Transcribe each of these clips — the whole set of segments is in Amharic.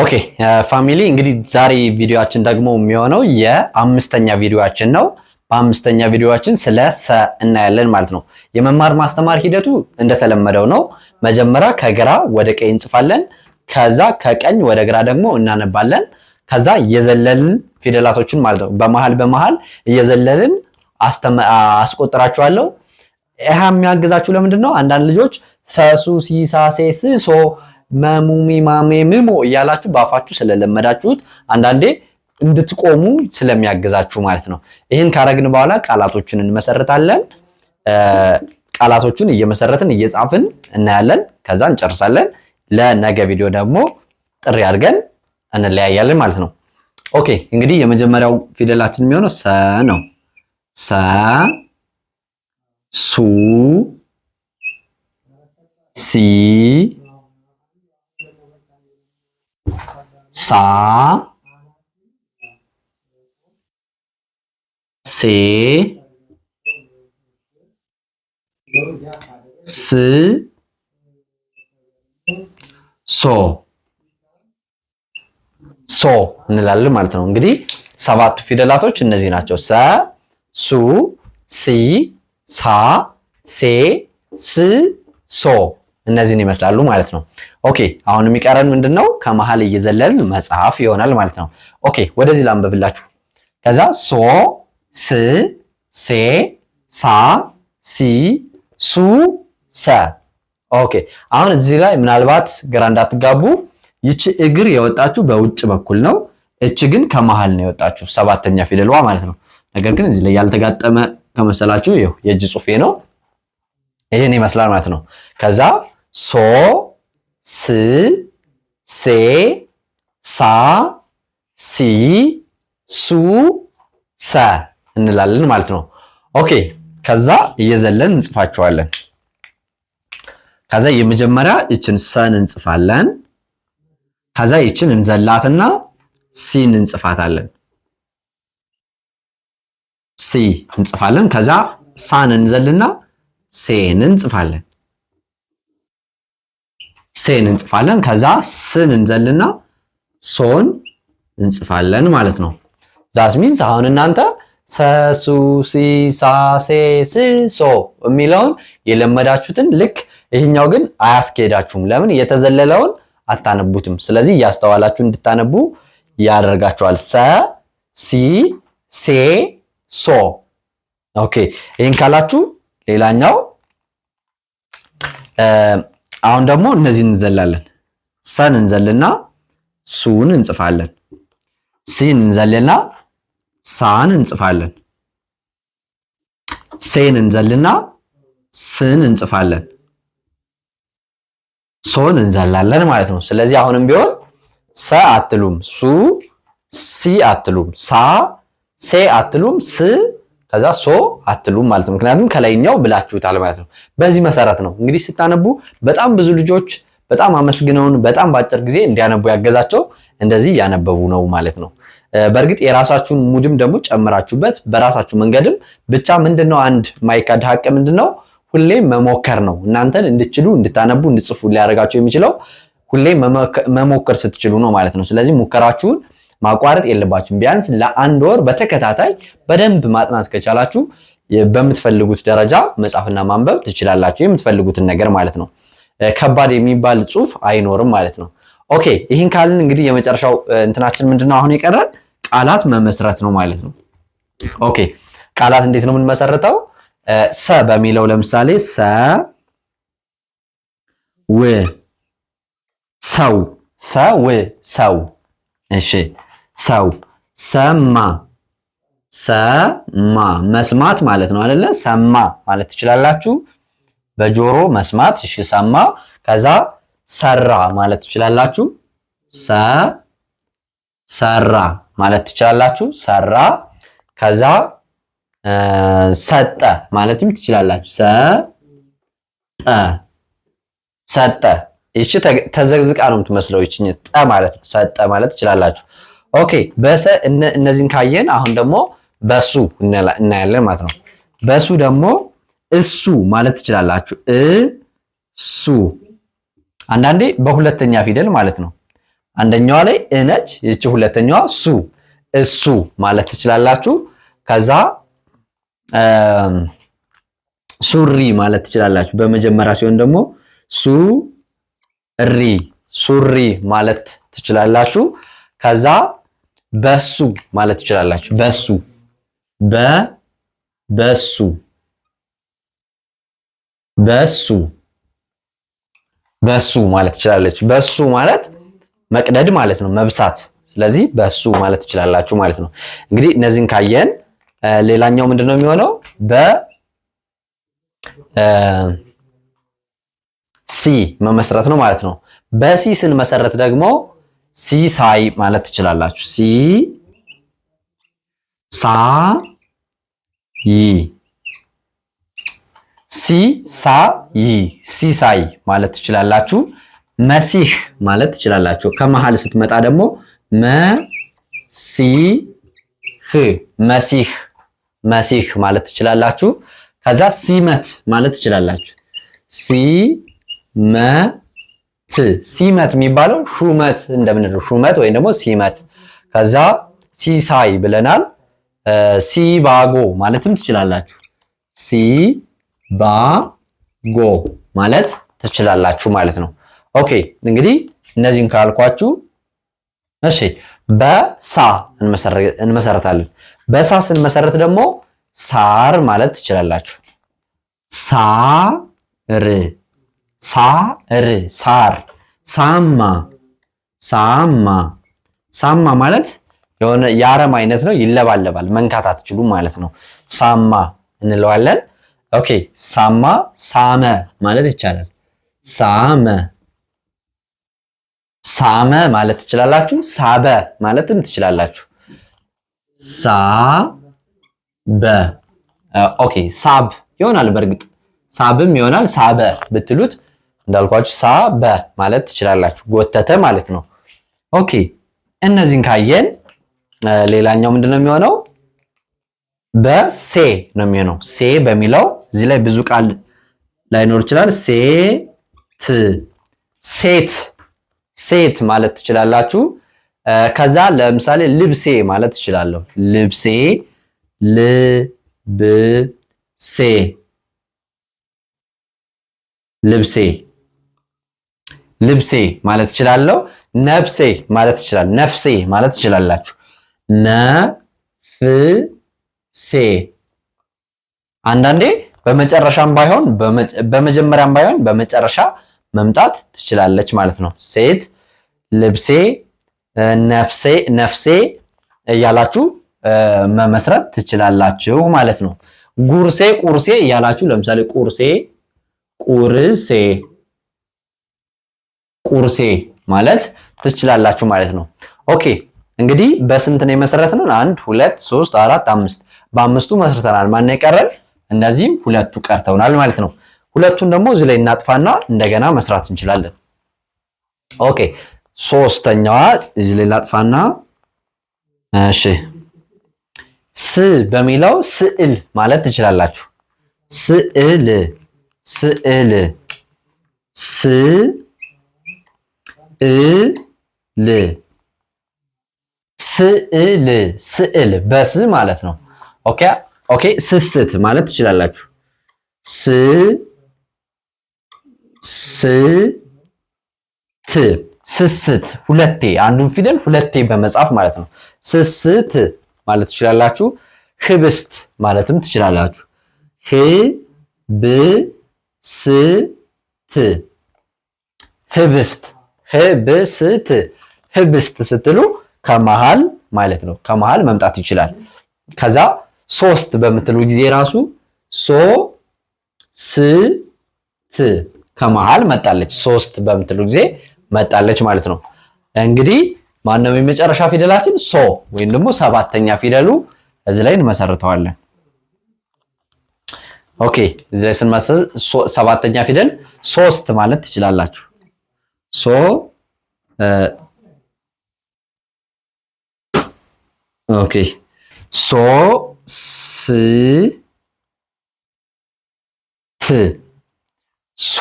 ኦኬ ፋሚሊ እንግዲህ ዛሬ ቪዲዮአችን ደግሞ የሚሆነው የአምስተኛ ቪዲዮአችን ነው። በአምስተኛ ቪዲዮአችን ስለ ሰ እናያለን ማለት ነው። የመማር ማስተማር ሂደቱ እንደተለመደው ነው። መጀመሪያ ከግራ ወደ ቀኝ እንጽፋለን። ከዛ ከቀኝ ወደ ግራ ደግሞ እናነባለን። ከዛ እየዘለልን ፊደላቶችን ማለት ነው በመሃል በመሃል እየዘለልን አስቆጥራችኋለሁ። ይህ የሚያግዛችሁ ለምንድን ነው? አንዳንድ ልጆች ሰሱ ሲሳሴ ስሶ መሙሚ ማሜ ምሞ እያላችሁ በአፋችሁ ስለለመዳችሁት አንዳንዴ እንድትቆሙ ስለሚያግዛችሁ ማለት ነው። ይህን ካረግን በኋላ ቃላቶችን እንመሰርታለን። ቃላቶቹን እየመሰረትን እየጻፍን እናያለን። ከዛ እንጨርሳለን። ለነገ ቪዲዮ ደግሞ ጥሪ አድርገን እንለያያለን ማለት ነው። ኦኬ እንግዲህ የመጀመሪያው ፊደላችን የሚሆነው ሰ ነው። ሰ ሱ ሲ ሳ ሴ ስ ሶ ሶ እንላለን ማለት ነው። እንግዲህ ሰባቱ ፊደላቶች እነዚህ ናቸው። ሰ ሱ ሲ ሳ ሴ ስ ሶ እነዚህን ይመስላሉ ማለት ነው። ኦኬ አሁን የሚቀረን ምንድን ነው? ከመሀል እየዘለል መጽሐፍ ይሆናል ማለት ነው። ኦኬ ወደዚህ ላንበብላችሁ። ከዛ ሶ ስ ሴ ሳ ሲ ሱ ሰ። ኦኬ አሁን እዚህ ላይ ምናልባት ግራ እንዳትጋቡ፣ ይቺ እግር የወጣችሁ በውጭ በኩል ነው። እቺ ግን ከመሀል ነው የወጣችሁ ሰባተኛ ፊደልዋ ማለት ነው። ነገር ግን እዚህ ላይ ያልተጋጠመ ከመሰላችሁ የእጅ ጽሁፌ ነው። ይህን ይመስላል ማለት ነው። ከዛ ሶ ስ ሴ ሳ ሲ ሱ ሰ እንላለን ማለት ነው። ኦኬ ከዛ እየዘለን እንጽፋቸዋለን። ከዛ የመጀመሪያ ይችን ሰን እንጽፋለን። ከዛ ይችን እንዘላትና ሲን እንጽፋታለን። ሲ እንጽፋለን። ከዛ ሳን እንዘልና ሴን እንጽፋለን። ሴን እንጽፋለን። ከዛ ስን እንዘልና ሶን እንጽፋለን ማለት ነው። ዛስ ሚንስ አሁን እናንተ ሰሱ ሲሳሴ ሶ የሚለውን የለመዳችሁትን ልክ ይህኛው ግን አያስኬዳችሁም። ለምን የተዘለለውን አታነቡትም። ስለዚህ እያስተዋላችሁ እንድታነቡ ያደርጋችኋል። ሰ ሲ ሴ ሶ። ኦኬ ይህን ካላችሁ ሌላኛው አሁን ደግሞ እነዚህ እንዘላለን። ሰን እንዘልና ሱን እንጽፋለን። ሲን እንዘልና ሳን እንጽፋለን። ሴን እንዘልና ስን እንጽፋለን። ሶን እንዘላለን ማለት ነው። ስለዚህ አሁንም ቢሆን ሰ አትሉም፣ ሱ ሲ አትሉም፣ ሳ ሴ አትሉም፣ ስ ከዛ ሶ አትሉም ማለት ነው። ምክንያቱም ከላይኛው ብላችሁታል ማለት ነው። በዚህ መሰረት ነው እንግዲህ ስታነቡ በጣም ብዙ ልጆች በጣም አመስግነውን በጣም በአጭር ጊዜ እንዲያነቡ ያገዛቸው እንደዚህ ያነበቡ ነው ማለት ነው። በእርግጥ የራሳችሁን ሙድም ደግሞ ጨምራችሁበት በራሳችሁ መንገድም ብቻ ምንድነው አንድ ማይካድ ሀቅ ምንድነው ሁሌ መሞከር ነው። እናንተን እንድችሉ እንድታነቡ እንድጽፉ ሊያደርጋቸው የሚችለው ሁሌ መሞከር ስትችሉ ነው ማለት ነው። ስለዚህ ሙከራችሁን ማቋረጥ የለባችሁም። ቢያንስ ለአንድ ወር በተከታታይ በደንብ ማጥናት ከቻላችሁ በምትፈልጉት ደረጃ መጻፍና ማንበብ ትችላላችሁ። የምትፈልጉትን ነገር ማለት ነው። ከባድ የሚባል ጽሁፍ አይኖርም ማለት ነው። ኦኬ ይህን ካልን እንግዲህ የመጨረሻው እንትናችን ምንድነው? አሁን የቀረን ቃላት መመስረት ነው ማለት ነው። ኦኬ ቃላት እንዴት ነው የምንመሰርተው? ሰ በሚለው ለምሳሌ ሰ ው ሰው ሰው ሰው እሺ ሰው ሰማ ሰማ መስማት ማለት ነው አይደለ? ሰማ ማለት ትችላላችሁ። በጆሮ መስማት እሺ፣ ሰማ። ከዛ ሰራ ማለት ትችላላችሁ። ሰ ሰራ ማለት ትችላላችሁ። ሰራ። ከዛ ሰጠ ማለትም ትችላላችሁ። ሰ ጠ ሰጠ። ይቺ ተዘግዝቃ ነው የምትመስለው። ይቺ ጠ ማለት ነው። ሰጠ ማለት ትችላላችሁ። ኦኬ በሰ እነዚህን ካየን አሁን ደግሞ በሱ እናያለን ማለት ነው። በሱ ደግሞ እሱ ማለት ትችላላችሁ። እሱ አንዳንዴ በሁለተኛ ፊደል ማለት ነው። አንደኛዋ ላይ እነች ይቺ ሁለተኛዋ ሱ እሱ ማለት ትችላላችሁ። ከዛ ሱሪ ማለት ትችላላችሁ። በመጀመሪያ ሲሆን ደግሞ ሱሪ ሱሪ ማለት ትችላላችሁ። ከዛ በሱ ማለት ትችላላችሁ። በሱ በ በሱ በሱ በሱ ማለት ትችላለች። በሱ ማለት መቅደድ ማለት ነው፣ መብሳት። ስለዚህ በሱ ማለት ትችላላችሁ ማለት ነው። እንግዲህ እነዚህን ካየን ሌላኛው ምንድን ነው የሚሆነው? በ ሲ መመስረት ነው ማለት ነው። በሲ ስንመሰረት ደግሞ ሲሳይ ማለት ትችላላችሁ። ሲ ሳ ይ ሲ ሳ ይ ሲሳይ ማለት ትችላላችሁ። መሲህ ማለት ትችላላችሁ። ከመሃል ስትመጣ ደግሞ መሲህ መሲህ መሲህ ማለት ትችላላችሁ። ከዛ ሲመት ማለት ትችላላችሁ። ሲመ ሲመት የሚባለው ሹመት እንደምንለው ሹመት ወይም ደግሞ ሲመት። ከዛ ሲሳይ ብለናል። ሲባጎ ማለትም ትችላላችሁ። ሲባጎ ማለት ትችላላችሁ ማለት ነው። ኦኬ እንግዲህ እነዚህን ካልኳችሁ፣ እሺ በሳ እንመሰረታለን። በሳ ስንመሰረት ደግሞ ሳር ማለት ትችላላችሁ። ሳር ሳር ሳር ሳማ ሳማ ሳማ ማለት የሆነ የአረም አይነት ነው። ይለባለባል፣ መንካት አትችሉም ማለት ነው። ሳማ እንለዋለን። ኦኬ ሳማ ሳመ ማለት ይቻላል። ሳመ ሳመ ማለት ትችላላችሁ። ሳበ ማለትም ትችላላችሁ። ሳበ ኦኬ ሳብ ይሆናል። በእርግጥ ሳብም ይሆናል። ሳበ ብትሉት እንዳልኳችሁ ሳ በ ማለት ትችላላችሁ። ጎተተ ማለት ነው። ኦኬ እነዚህን ካየን ሌላኛው ምንድን ነው የሚሆነው? በሴ ነው የሚሆነው። ሴ በሚለው እዚህ ላይ ብዙ ቃል ላይኖር ይችላል። ሴት፣ ሴት፣ ሴት ማለት ትችላላችሁ። ከዛ ለምሳሌ ልብሴ ማለት ትችላለሁ። ልብሴ፣ ልብሴ፣ ልብሴ ልብሴ ማለት እችላለሁ። ነፍሴ ማለት እችላለሁ። ነፍሴ ማለት ትችላላችሁ። ነፍሴ አንዳንዴ በመጨረሻም ባይሆን በመጀመሪያም ባይሆን በመጨረሻ መምጣት ትችላለች ማለት ነው። ሴት ልብሴ፣ ነፍሴ፣ ነፍሴ እያላችሁ መመስረት ትችላላችሁ ማለት ነው። ጉርሴ፣ ቁርሴ እያላችሁ ለምሳሌ ቁርሴ፣ ቁርሴ ቁርሴ ማለት ትችላላችሁ ማለት ነው። ኦኬ እንግዲህ በስንት ነው የመሰረትነን? አንድ ሁለት ሶስት አራት አምስት በአምስቱ መስርተናል። ማን የቀረን? እነዚህም ሁለቱ ቀርተውናል ማለት ነው። ሁለቱን ደግሞ እዚህ ላይ እናጥፋና እንደገና መስራት እንችላለን። ኦኬ ሶስተኛዋ እዚህ ላይ እናጥፋና እሺ ስ በሚለው ስዕል ማለት ትችላላችሁ። ስዕል ስዕል ስ ስዕል ስዕል ስዕል በስ ማለት ነው። ኦኬ ኦኬ። ስስት ማለት ትችላላችሁ። ስ ስ ት ስስት ሁለቴ አንዱን ፊደል ሁለቴ በመጻፍ ማለት ነው። ስስት ማለት ትችላላችሁ። ህብስት ማለትም ትችላላችሁ። ህብስት ህብስት ህብስት ህብስት ስትሉ ከመሃል ማለት ነው። ከመሃል መምጣት ይችላል። ከዛ ሶስት በምትሉ ጊዜ ራሱ ሶ ስ ት ከመሃል መጣለች። ሶስት በምትሉ ጊዜ መጣለች ማለት ነው። እንግዲህ ማነው የመጨረሻ ፊደላችን? ሶ ወይም ደግሞ ሰባተኛ ፊደሉ እዚህ ላይ እንመሰርተዋለን። ኦኬ እዚህ ላይ ስንመሰርት ሰባተኛ ፊደል ሶስት ማለት ትችላላችሁ። ሶ ኦኬ ሶ ስ ት ሶ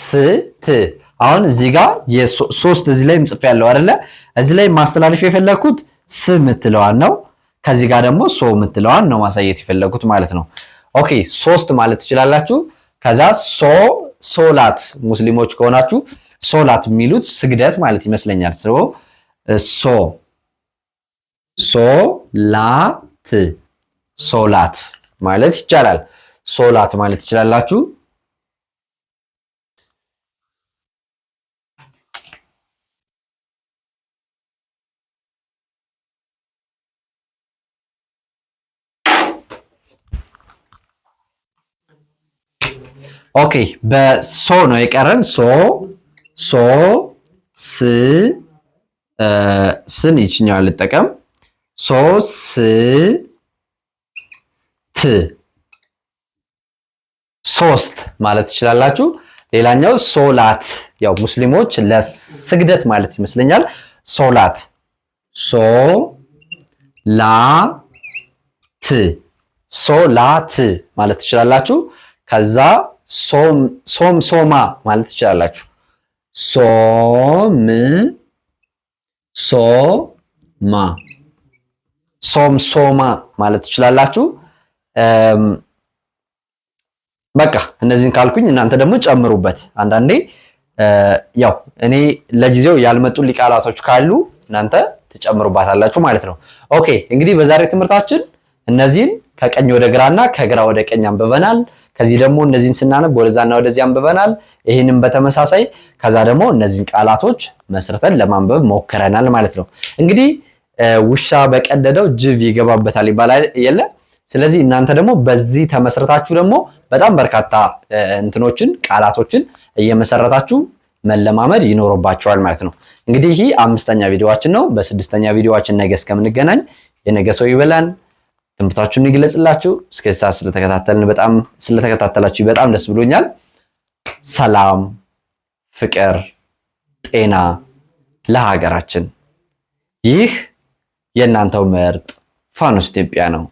ስ ት አሁን እዚህ ጋር ሶስት እዚህ ላይ ምጽፍ ያለው አይደለ? እዚህ ላይ ማስተላለፍ የፈለግኩት ስ ምትለዋን ነው። ከዚህ ጋር ደግሞ ሶ ምትለዋን ነው ማሳየት የፈለግኩት ማለት ነው። ኦኬ ሶስት ማለት ትችላላችሁ። ከዛ ሶ ሶላት ሙስሊሞች ከሆናችሁ ሶላት የሚሉት ስግደት ማለት ይመስለኛል። ሶ ሶ ሶላት ሶላት ማለት ይቻላል። ሶላት ማለት ትችላላችሁ። ኦኬ፣ በሶ ነው የቀረን ሶ ሶ ስ ስን ይችኛው አልጠቀም ሶ ስ ት ሶስት ማለት ትችላላችሁ። ሌላኛው ሶላት ያው ሙስሊሞች ለስግደት ማለት ይመስለኛል። ሶላት ሶ ላ ት ሶላት ማለት ትችላላችሁ። ከዛ ሶም ሶማ ማለት ትችላላችሁ። ሶም ሶማ ሶም ሶማ ማለት ትችላላችሁ። በቃ እነዚህን ካልኩኝ እናንተ ደግሞ ጨምሩበት። አንዳንዴ ያው እኔ ለጊዜው ያልመጡ ቃላቶች ካሉ እናንተ ትጨምሩባታላችሁ ማለት ነው። ኦኬ እንግዲህ በዛሬ ትምህርታችን እነዚህን ከቀኝ ወደ ግራና ከግራ ወደ ቀኝ አንብበናል። ከዚህ ደግሞ እነዚህን ስናነብ ወደዛና ወደዚህ አንብበናል። ይህንም በተመሳሳይ ከዛ ደግሞ እነዚህን ቃላቶች መስርተን ለማንበብ ሞክረናል ማለት ነው። እንግዲህ ውሻ በቀደደው ጅብ ይገባበታል ይባላል የለ። ስለዚህ እናንተ ደግሞ በዚህ ተመስርታችሁ ደግሞ በጣም በርካታ እንትኖችን ቃላቶችን እየመሰረታችሁ መለማመድ ይኖርባቸዋል ማለት ነው። እንግዲህ ይህ አምስተኛ ቪዲዮዋችን ነው። በስድስተኛ ቪዲዮዋችን ነገ እስከምንገናኝ የነገ ሰው ይበላን። ትምህርታችሁን ይግለጽላችሁ። እስከዛ ስለተከታተልን በጣም ስለተከታተላችሁ በጣም ደስ ብሎኛል። ሰላም፣ ፍቅር፣ ጤና ለሀገራችን። ይህ የእናንተው ምርጥ ፋኖስ ኢትዮጵያ ነው።